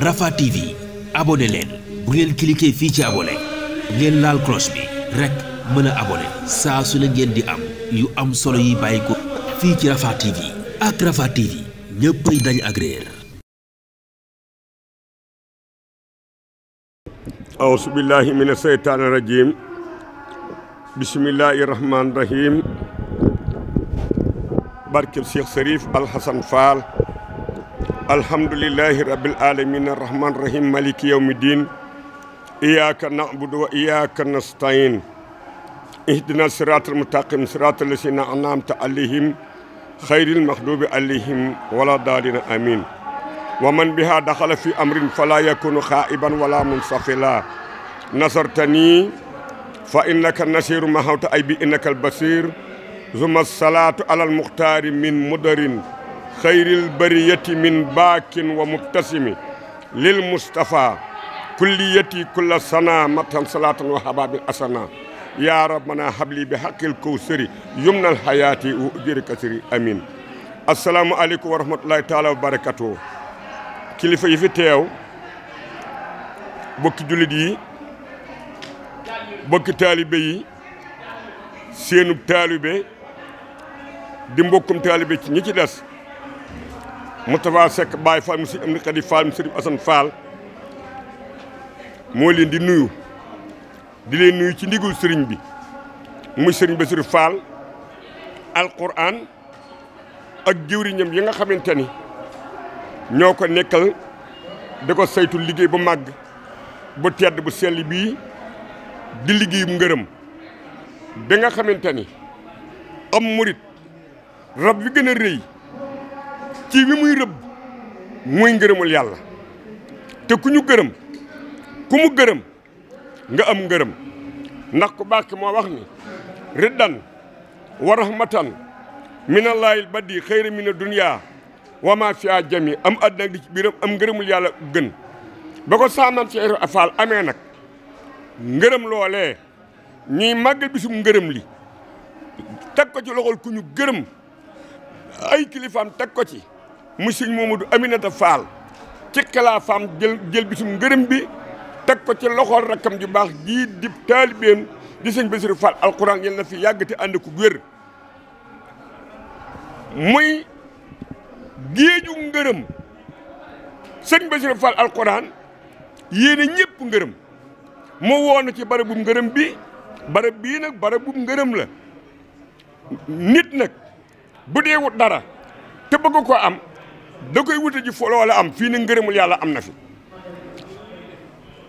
Rafah TV abonné leen bu ngeen cliquer fii ci abonné ngeen laal cloche bi rek mën a abonné saa su ne ngeen di am yu am solo yi bàyyi ko fii ci Rafah TV ak Rafah TV ñëppay dañ agréer aousu billahi min asheytaani rajim bismillahi rahmaani rahim barkeb alhamdulillahi rabbil alamin arrahman rahim maliki yawmi din iyyaka na'budu wa iyyaka nasta'in ihdina siratal mustaqim siratal lazina an'amta alayhim xayril maxdubi alayhim wala daalina amin wa man biha daxala fi amrin fala yakunu xaa'iban wala munsafila nasartani fa innaka nasiru mahawta ay bi innaka albasir zuma salaatu alal muxtaari min mudarin xayril bariyati min baakin wa mubtasimi lil mustafa kulliyati kulla sana matan salatan wa hababil asana ya rabbana habli bi haqqil kawsari yumnal hayati wa ujri kasri amin asalaamu aleykum wa rahmatullahi taala wa barakatuh kilifa yi bokki jullit bokki taalibe yi taalibe di mbokkum taalibe ci ñi ci des Moustapha Seck Baye Fall mu sëriñ am ni xadi Fall mu sëriñ Assane Fall moo leen di nuyu di leen nuyu ci ndigul sëriñ bi muy sëriñ Bassirou Fall alquran ak jëwriñam yi nga xamante ni ñoo ko nekkal da ko saytu liggéey bu màgg bu tedd bu sell bii di liggéey bu ngërëm bi nga xamante ni am murit rab wi gën a rëy kii wi muy rëbb muy ngërëmul yàlla te ku ñu gërëm ku mu gërëm nga am ngërëm ndax ku baax ki moo wax ni riddan wa rahmatan di badi xëyra mina dunya wa ma fiya jami am àddina di ci biiram am ngërëmul yàlla gën ba ko saaman ci afaal amee nag ngërëm loolee ñuy màggal bisum ngërëm li teg ko ci loxol ku ñu gërëm ay kilifaam teg ko ci mu sëñ Mamadou Aminata Fall ci xalifaam jël jël bisum ngërëm bi teg ko ci loxool rakkam ju baax jii di taalibeem di sëñ Bassirou Fall alxuraan yal na yàgg te ànd ku wér muy géeju ngërëm sëñ Bassirou Fall alxuraan yéene mu woon ci barabum ngërëm bi barab bii nag barabum ngërëm la nit nag bu dee wut dara te bëgg ko am da koy wuta ji fo am fii ne ngërëmul yàlla am na fi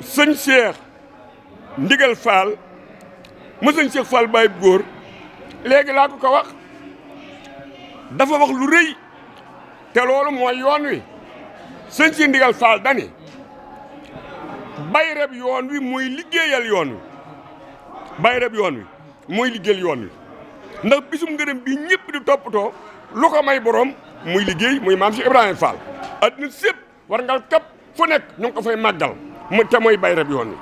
sëñ Cheikh ndigal Fall ma sëñ Cheikh Fall góor léegi laa ko ko wax dafa wax lu rëy te loolu mooy yoon wi sëñ si ndigal Fall dani bay reb yoon wi muy liggéeyal yoon wi bay reb yoon wi mooy liggéeyal yoon wi ndax bisum ngërëm bi ñëpp di toppatoo lu ko may borom muy liggéey muy maam Cheikh Ibrahima Fall adduna sépp war kap fu nekk ñu ngi ko fay màggal mu te mooy bay yoon wi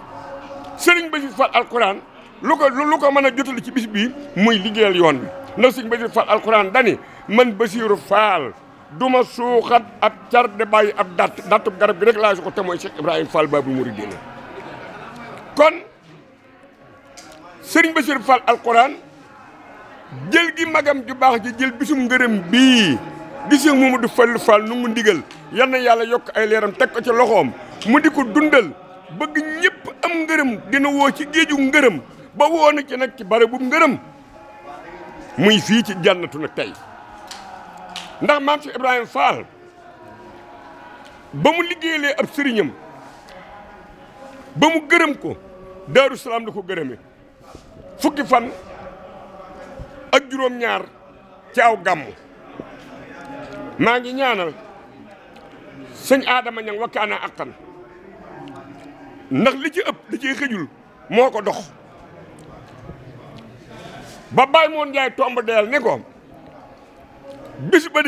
sëriñ Bassirou Fall alquran lu ko lu ko mën a jotali ci bis bii muy liggéeyal yoon wi ndax sëriñ Bassirou Fall alquran dani man Bassirou Fall du ma suuxat ab car de bàyyi ab datt dattu garab gi rek laa su ko te mooy Cheikh Ibrahima Fall Babou Mouridina kon sëriñ Bassirou Fall alquran jël gi magam ju baax ji jël bisum ngërëm bi gis nga Mamadou Fallou Fall nu mu ndigal yal na yàlla yokk ay leeram teg ko ci loxoom mu di ko dundal bëgg ñépp am ngërëm dina woo ci géeju ngërëm ba woo na ci nag ci bare bu ngërëm muy fii ci jànnatu nag tey ndax maam si Ibrahima Fall ba mu liggéeyalee ab sëriñam ba mu gërëm ko Daaru Salaam la ko gërëme fukki fan ak juróom-ñaar ci aw maa ngi ñaanal sëñ aadama Adama ñang wakkaana aktan ndax li ci ëpp li ciy xëjul moo ko dox ba Baye Moon Njaay tomb deel ne ko bis ba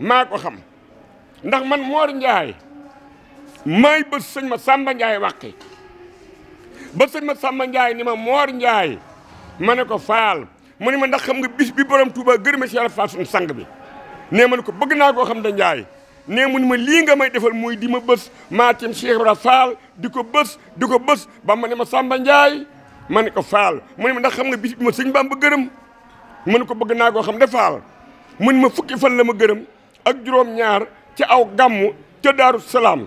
maa ko xam ndax man Moor Njaay maay bës sëñ ma Samba Njaay wàqi ba sëñ ma Samba Njaay ni ma Moor Njaay ma ne ko faal mu ne ma ndax xam nga bis bi borom Touba gërëma si faal suñu sang bi nee man ne ko bëgg naa koo xam ne njaay nee mu ne ma lii nga may defal muy di ma bës maa ci Cheikh Ibra Fall di ko bës di ko bës ba ma ne ma Samba Ndiaye ma ne ko Fall mu ma ndax xam nga bis bi ma sëñ Bamba gërëm mu ko bëgg naa koo xam ne Fall mu ne ma fukki fan la ma gërëm ak juróom-ñaar ci aw gàmmu ca Daaru Salaam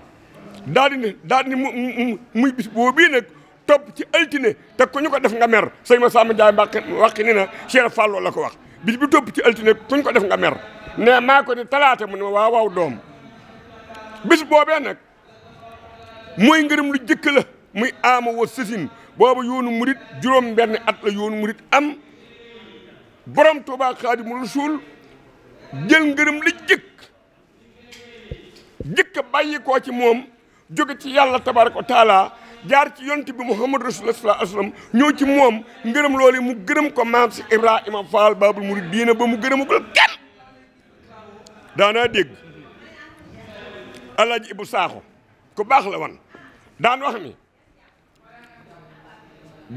daal di ne daal mu muy bis boo bii nag topp ci altine te kuñu ko def nga mer sëñ ma Samba Ndiaye mbaq wàq ni na Cheikh Fall loolu la ko wax bis bi topp ci altine ku ko def nga mer ne maa ko di talaata mu ne ma waaw doom bis boobee nag mooy ngërëm lu jëkk la muy aama wa sësin boobu yoonu murit juróom benn at la yoonu murit am borom Tuubaa Xaadimu Rasuul jël ngërëm li jëkk jëkk bàyyi koo ci moom jóge ci yàlla tabaaraka wa taala jaar ci yonent bi Muhammad Rasulullah sallallahu alayhi wasallam ñëw ci moom ngërëm loolu mu gërëm ko maam si Ibrahima Fall Baabul Muridiina ba mu gërëmagul kenn daanaa dégg alaaj Ibu Saaxo ku baax la wan daan wax ni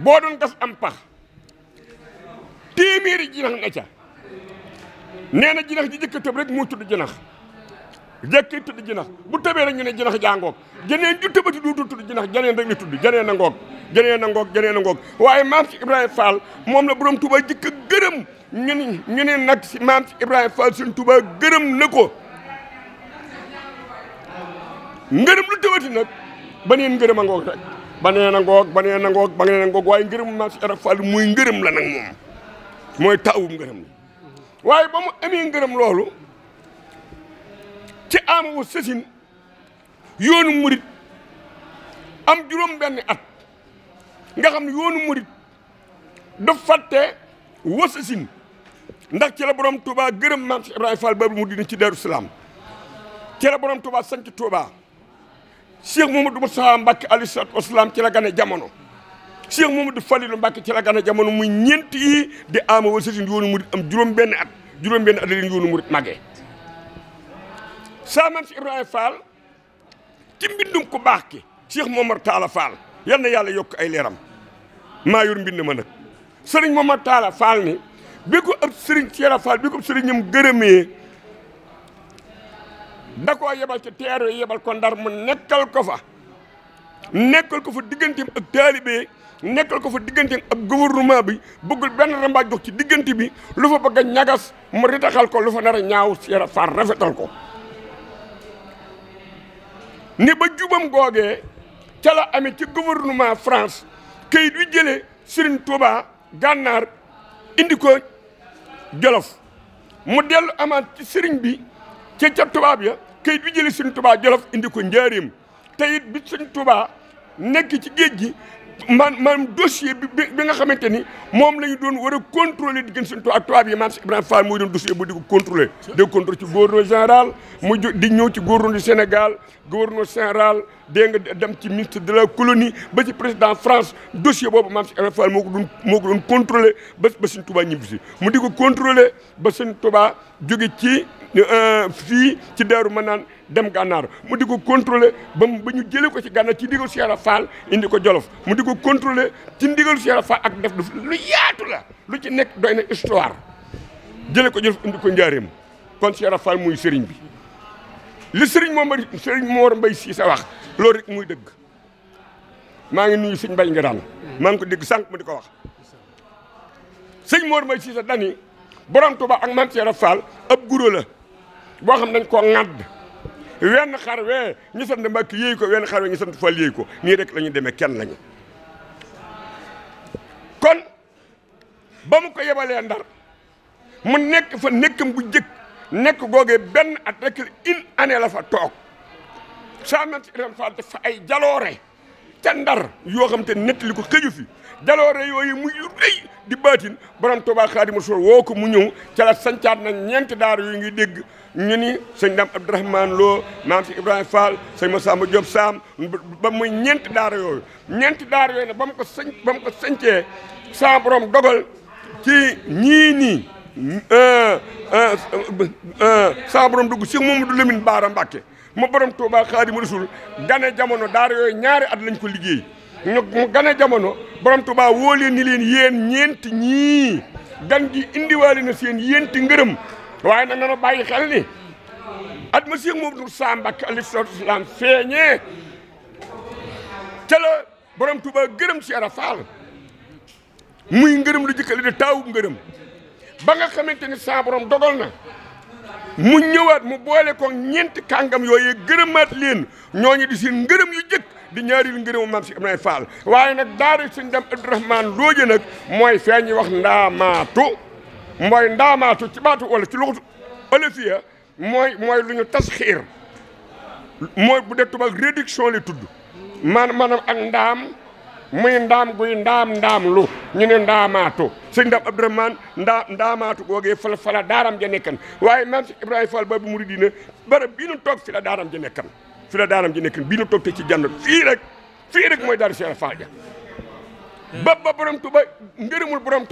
boo doon gas am pax téeméeri jinax na ca nee na jinax ji jëkk tëb rek mu tudd jinax jëkki tudd jinax bu tëbee rek ñu ne jinax jàngoog jeneen ju tëbati duutul tudd jinax jeneen rek la tudd jeneen na ngoog jeneen na ngoog jeneen a ngoog waaye maam ci Ibrahima Fall moom la borom Tuuba jëkk a gërëm ñu ni ñu ne si maam si Ibrahima Fall suñ Touba gërëm na ko ngërëm lu tëwati nag baneen ngërëm a ngoog rek baneen a ngoog baneen ngoog baneen a ngoog waaye ngërëm maam si Ibrahima Fall muy ngërëm la nag moom mooy taawum ngërëm la waaye ba mu amee ngërëm loolu ci amawu sësin yoonu murit am juróom benn at nga xam ne yoonu murit da fàtte wasasin ndax ci la borom Touba gërëm maam Cheikh Ibrahima Fall Babul Mouridina ci Darou Salaam ci la borom Touba sant Touba Cheikh Mamadou Moustapha Mbacke alayhi salaatu wasalaam ci la gane jamono Cheikh Mamadou Falilou Mbacke ci la gane jamono muy ñeenti yi di ama wala sëriñ yoonu murit am juróom benn at juróom benn at la leen yoonu murit màggee saa maam Cheikh Ibrahima ci mbindum ku baax ki Cheikh Momar Talla Fall yal na yàlla yokk ay leeram maa yor mbind ma nag sëriñ bi ko ëpp sëriñ Seera Fall bi ko ëpp sëriñ ñam gërëmee da yebal ci teeru yebal ko ndar mu nekkal ko fa nekkal ko fa digganteem ak taalibe nekkal ko fa digganteem ak gouvernement bi bëggul benn rambaaj dox ci diggante bi lu fa bëgg a ñagas mu ritaxal ko lu fa nar a ñaaw Seera Fall rafetal ko ne ba jubam googee ca la ci gouvernement France kayit wi jëlee Serigne Touba gànnaar indi ko jolof mu dellu amaat ci sëriñ bi ci ca tubaab ya kayit bi jëli suñ tubaa jolof indi ko njaareem te it bi suñ tubaa nekk ci géej gi man man dossier bi bi nga xamante ni moom la doon war a contrôler diggante suñ tubaa ak tubaab yi maam si Ibrahima Fall mooy doon dossier bu di ko contrôler de ci gouverneur général mu di ñëw ci gouverneur du Sénégal gouverneur général dégg nga dem ci ministre de la colonie ba ci président France dossier boobu maam si Fall moo ko doon moo ko doon contrôlé ba si sëñ ñibbisi mu di ko contrôlé ba sëñ Touba jóge ci euh, fii ci Daaru Manaan dem gànnaar mu di ko contrôlé ba mu bañu jëlee ko ci gànnaar ci ndigal Cheikh Fall indi ko Jolof mu di ko contrôlé ci si Cheikh Fall ak def def lu yaatu la lu ci nekk doy na histoire jëlee ko Jolof indi ko Njaareem kon Cheikh Fall muy sëriñ bi li sëriñ moom sëriñ Mor Mbaye si sa wax loolu rek muy dégg maa ngi nuyu sëñ Mbay nga daan maa ngi ko dégg sànq mu di ko wax sëñ Mor Mbay Cissé dani borom Tuuba ak Maam Cheikh Fall ab guro la boo xam dañ koo ŋàdd wenn xar wee ñu sant Mbàkke ko wenn xar wee ñu sant Fall yéey ko nii rek lañuy ñu demee kenn lañu kon ba mu ko yebalee ndar mu nekk fa nekkam bu jëkk nekk googee benn at rek une année la fa toog Saamante Ibrahima Fall def fa ay jaloore ca ndar yoo xam te nettali ko xëju fi jaloore yooyu mu rëy di baatin borom Tuubaa Xaadimu Rasuul woo ko mu ñëw ca la sancaat na ñeenti daar yu ngi dégg ñu ni sëñ Dame Abdourahmane Lo maam si Ibrahima Fall sëñ Massamba Diop Sam ba muy ñeenti daara yooyu ñeenti daar yooyu na bam mu ko sañ ba mu ko sañcee saa borom dogal ci ñii nii euh, euh, euh, saa borom dugg si moom mu borom Touba Xaadimu gane jamono daa yooyu ñaari at lañ ko liggéey ñu gane jamono borom Touba woo leen ni leen yéen ñeenti ñii gan gi indiwaale seen yéenti ngërëm waaye nag nana bàyyi xel ni at ma Cheikh Mamadou Sam Mbacké aleyhi feeñee ca la borom Touba gërëm si Arafaal muy ngërëm lu jëkkale di taawub ngërëm ba nga xamante ni sa borom na mu ñëwaat mu boole ko ñeenti kàngam yooyu gërëmaat leen ñooñu di seen ngërëm yu jëkk di ñaari ngërëmu maam si Ibrahima Fall waaye nag daara suñ dem Abdourahmane looje nag mooy feeñi wax ndaamaatu mooy ndaamaatu ci baatu wala ci luxu olofiya mooy mooy lu ñu tas xiir mooy bu dee tubaab réduction la tudd man maanaam ak ndaam muy ndaam guy ndaam ndaam lu ñu ne ndaamaatu sëñ ndaam Abdourahmane ndaa ndaamaatu googee fal fala daaram ja nekkan waaye maam si Ibrahima Fall boobu muri diina bara bii nu toog fi la daaram ja nekkan fi la daaram ja nekkan bii nu toog te ci jànn fii rek fii rek mooy daaru Cheikh Fall ja tu ba borom Touba ngërëmul borom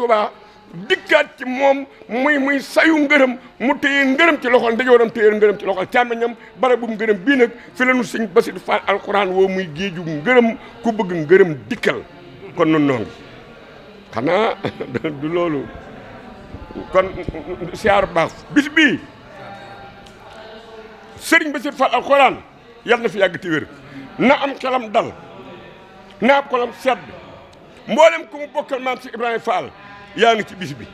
dikkaat ci moom muy muy sayu ngërëm mu téye ngërëm ci loxol ndeyooram téye ngërëm ci loxol càmmeñam bara bu ngërëm bii nag fi la nu sëñ Bassirou Fall alxuraan woo muy géeju ngërëm ku bëgg ngërëm dikkal kon nun noo xanaa du loolu kon siyaar baax bis bii sëriñ Bassirou Fall alxuraan yal na fi yàgg ti wér na am xelam dal na am xelam sedd mboolem ku mu bokkal maam si Ibrahima Fall yaa ngi ci bis bi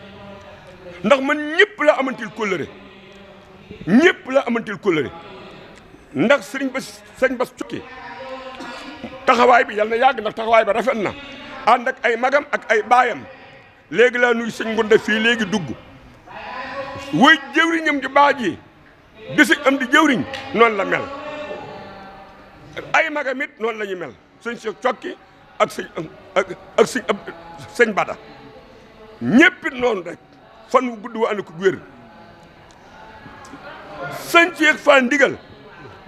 ndax man ñëpp la amantil kóllëre ñëpp la amantil kóllëre ndax sëriñ ba sëriñ ba cokki taxawaay bi yàlla na yàgg ndax taxawaay ba rafet na ànd ak ay magam ak ay baayam léegi laa nuy sëñ Ngonda fii léegi dugg wuy jëwriñam ji baa ji di sëñ am di jëwriñ noonu la mel ay magam it noonu la ñu mel sëñ Cheikh cokki ak sëñ ak sëñ ab sëñ Bada ñéppit noonu rek fan wu gudd wa ànd ko wér sëñ Cheikh ndigal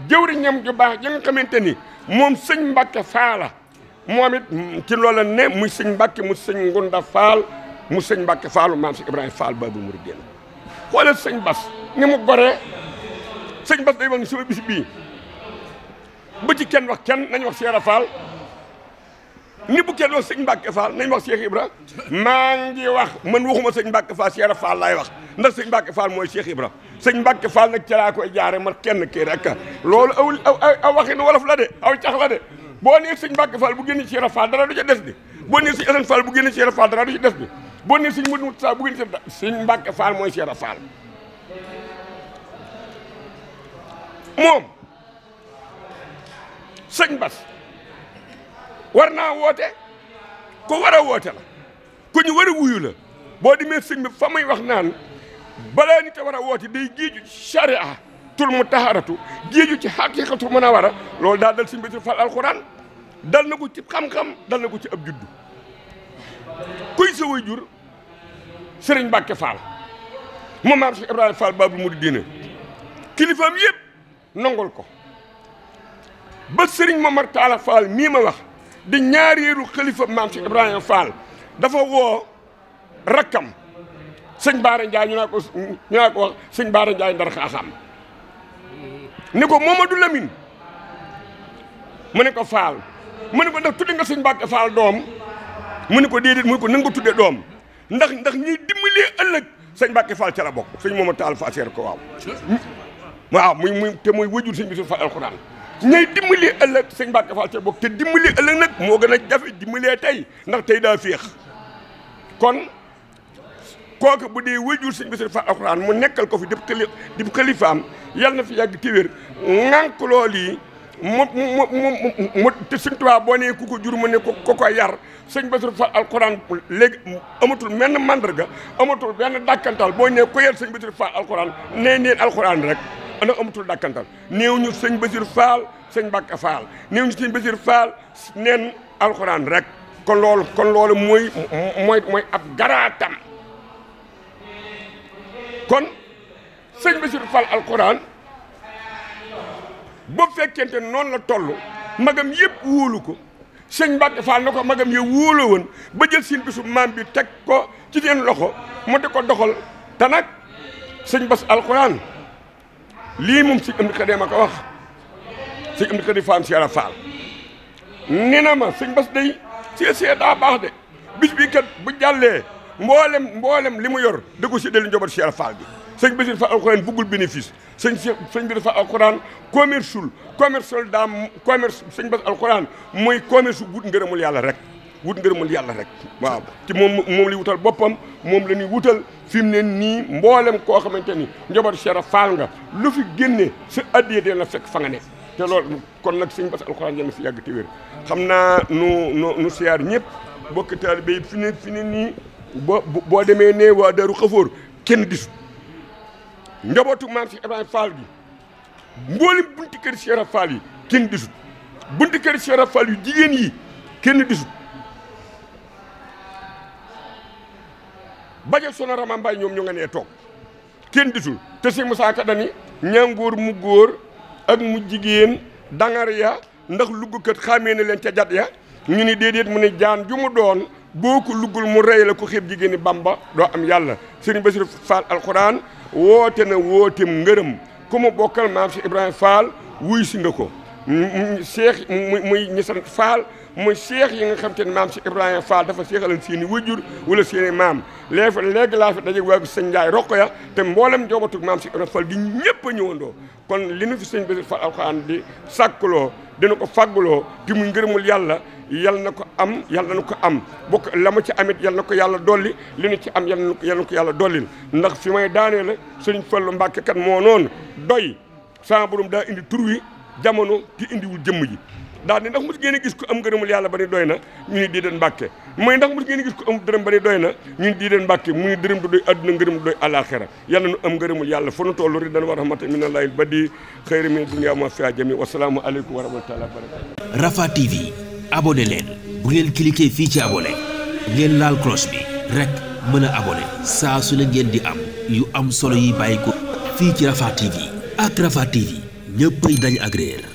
jëwriñam ju baax ja nga xamante ni moom sëñ Mbacke Faala moom it ci loola ne muy sëñ Mbacke mu sëñ Ngunda Fall mu sëñ Mbacke Fallu maam si Ibrahima Fall Babou Mourideen xoolal sëñ Bas ni mu goree sëñ Bas day wax ni suba bis bii bu ci kenn wax kenn nañ wax Seera Fall ñi bukkee loolu sëñ Mbacke Fall nañ wax Cheikh Ibra maa wax man waxuma sëñ Mbacke Fall Cheikh Fall laay wax ndax sëñ Mbacke Fall mooy Cheikh Ibra sëñ Mbacke Fall na ca koy jaare man kenn kii rek loolu aw aw waxin wolof la de aw cax la de boo nee sëñ Mbacke Fall bu génn Cheikh Fall dara du ca des de boo nee sëñ bu génn Cheikh Fall dara du ca des de boo nee sëñ Modou Moussa bu génn sëñ mooy Cheikh Fall moom sëñ Bass war naa woote ko war a woote la ku ñu war a wuyu la boo demee sëñ bi fa muy wax naan balaa nit a war a woote day jiiju ci charia tul mu taxaratu jiiju ci xaqiqatul mën a war a lool daal dal sëñ bi ci fal alxuraan dal na ko ci xam-xam dal na ko ci ab juddu kuy sa way jur sëriñ Mbàkke Fall moom maam Cheikh Ibrahima Fall Babul Mouridina kilifaam yëpp nangul ko ba sëriñ Momar Talla Fall mii ma wax di ñaareelu xalifa maam si Ibrahima Fall dafa woo rakkam sëñ Baara Ndiaye ñu naa ko sëñ Baara Ndiaye ndar xaaxam ni ko Momadou Lamine mu ne ko Fall mu ne ko ndax tudde nga sëñ Mbàkke Fall doom mu ne ko déedéet mu ne ko na ko tudde doom ndax ndax ñuy dimbalee ëllëg sëñ Mbàkke Fall ca la bokk sëñ Momadou Tall Fall seer ko waaw waaw muy muy te muy wëjur sëñ bi su fa alxuraan ñay dimbali ëllëg sëñ Mbacke Fall ca bokk te dimbali ëllëg nag moo gën a jafe dimbalee tey ndax tey daa féex kon kooku bu dee wajur sëñ Bassirou fa alxuraan mu nekkal ko fi di di xalifaam yàlla na fi yàgg téwér ŋànk lool yi mu mu mu mu te sëñ Tuubaa boo nee ku ko jur mu ne ko ko yar sëñ Bassirou Fall alxuraan léegi amatul benn mandarga amatul benn dàkkantal boo nee ko yar sëñ Bassirou Fall alxuraan nee neen alxuraan rek ana amatul dàkkantal néew ñu sëñ Basir Fall sëñ Bakka Fall néew ñu sëñ Basir Fall neen alxuraan rek kon loolu kon loolu mooy mooy mooy ab garaatam kon sëñ Basir Fall alxuraan ba fekkente noonu la toll magam yëpp wóolu ko sëñ Bakka Fall na ko magam yow wóolu woon ba jël seen bisu maam bi teg ko ci seen loxo mu te ko doxal te nag sëñ Bas alxuraan lii moom sëñ Amdi Xaadim ma ko wax sëñ Amdi Xaadim faam si yàlla faal nee na ma sëñ Bass day see see daa baax de bis bi kat bu jàllee mboolem mboolem li mu yor da ko séddale njaboot si yàlla faal bi sëñ Bassirou Fall alxuraan buggul bénéfice sëñ sëñ Bassirou Fall alxuraan commerce ul commerce daa commerce sëñ Bass alxuraan mooy commerce wut ngërëmul yàlla rek wut ngërëmal yàlla rek waaw ci moom moom li wutal boppam moom la ñuy wutal fi mu ne nii mboolem koo nte ni njaboot Cheikh Fall nga lu fi génne sa addiya dee na fekk fa nga ne te loolu kon nag sëñ Bass alxuraan yàlla fi yàgg te wér xam naa nu nu nu siyaar ñëpp bokki taalibe yi fi ne fi ne nii boo demee ne waa Daaru Xafoor kenn gisu njabootu maam si Ibrahima Fall gi mboolem bunti kër Cheikh Fall yi kenn gisut bunti kër Cheikh Fall yu jigéen yi kenn gisut Madial Sono Rama Mbaye ñoom ñu nga nee toog kenn disul te si Moussa Ka dani ñàngoor mu góor ak mu jigéen dangar ya ndax luggukat xàmmee na leen ca jat ya ñu ni déedéet mu ne jaan ju mu doon boo ko luggul mu rey la ko xeeb jigéeni Bamba doo am yàlla Serigne Bassirou Fall alxuraan woote na wootem ngërëm ku mu bokkal maam si Ibrahima Fall wuy si nga ko seex muy ñi sant faal muy seex yi nga xam te ne maam si Ibrahima Fall dafa seexalan seen i wajur wala seen i maam léegi fa léegi laa fa daje waa sëñ Ndiaye rokko ya te mboolem joobatug maam si Ibrahima Fall gi ñëwandoo kon li nu fi sëñ Bassirou Fall alxuraan di sàkkuloo dina ko fàgguloo te mu ngërëmul yàlla yal na ko am yal na ko am bokk la ma ci amit yal na ko yàlla dolli li nu ci am yal na ko yàlla dollil ndax fi may daanee la sëñ Fallu moo noonu doy jamono te indiwul jëmm ji daal ni ndax mos ngeen a gis ko am ngërëmul yàlla ba ni doy na ñu ni di deen mbàkke mooy ndax mos ngeen a gis ko am dërëm ba ni doy na ñu ni di deen mbàkke mu ni dërëm du doy àdduna ngërëm du doy àllaaxira yàlla nu am ngërëmul yàlla fu nu toll war a wa rahmata min allahi ba di xëyri min dunya ma fi ajami wasalaamu aleykum wa rahmatullahi wa barakatu Rafah TV abonné leen bu ngeen cliqué fii ci abone ngeen laal cloche bi rek mën saa su ne ngeen am yu am solo yi bàyyi ko fii ci Rafah TV ak Rafah TV ñëppay dañ agréer